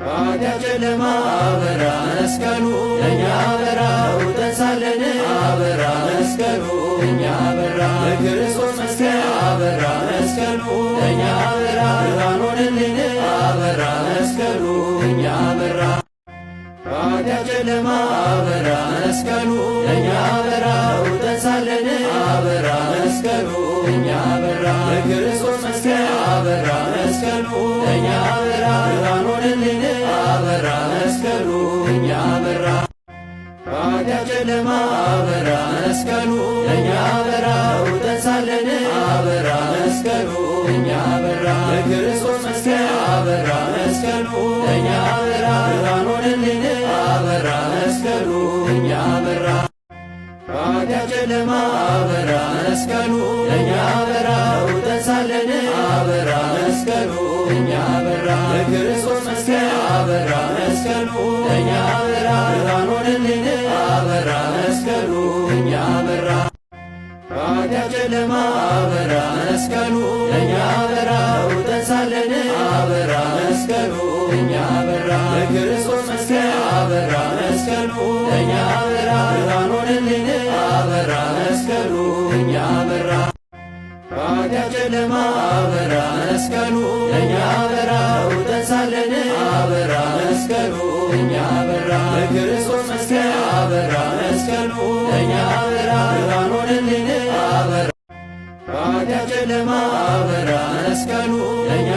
ባዳ ጨለማ አበራ መስቀሉ እኛ አበራ ውጠንሳለን አበራ መስቀሉ እኛ አበራ ለክርስቶስ መስቀል አበራ መስቀሉ እኛ አበራ ብርሃን ሆነልን አበራ መስቀሉ እኛ አበራ ባዳ ጨለማ አበራ መስቀሉ አበራ ውጠንሳለን አበራ መስቀሉ አበራ ለክርስቶስ መስቀል አበራ መስቀሉ አበራ ብርሃን መስቀሉ እኛ በራ ባዳጨለማ አበራ መስቀሉ እኛ በራ ውጠንሳለን አበራ መስቀሉ እኛ በራ ለክርስቶስ መስቀል አበራ መስቀሉ እኛ በራ ብርሃን ሆነልን አበራ መስቀሉ እኛ በራ ባዳጨለማ አበራ መስቀሉ እኛ በራ ውጠንሳለን መስቀሉ እኛ በራ ብርሃን አበራ መስቀሉ እኛ በራ በኃጢአት ጨለማ አበራ መስቀሉ እኛ በራ ውጠንሳለን አበራ መስቀሉ እኛ በራ በክርስቶስ መስቀል አበራ መስቀሉ እኛ በራ ብርሃን ሆነልን አበራ መስቀሉ እኛ በራ በኃጢአት ጨለማ አበራ መስቀሉ እኛ በራ ውጠንሳለን አበራ መስቀሉ እኛ በራ ለክርስቶስ መስቀል አበራ መስቀሉ እኛ በራ አበራ ለማ አበራ መስቀሉ እኛ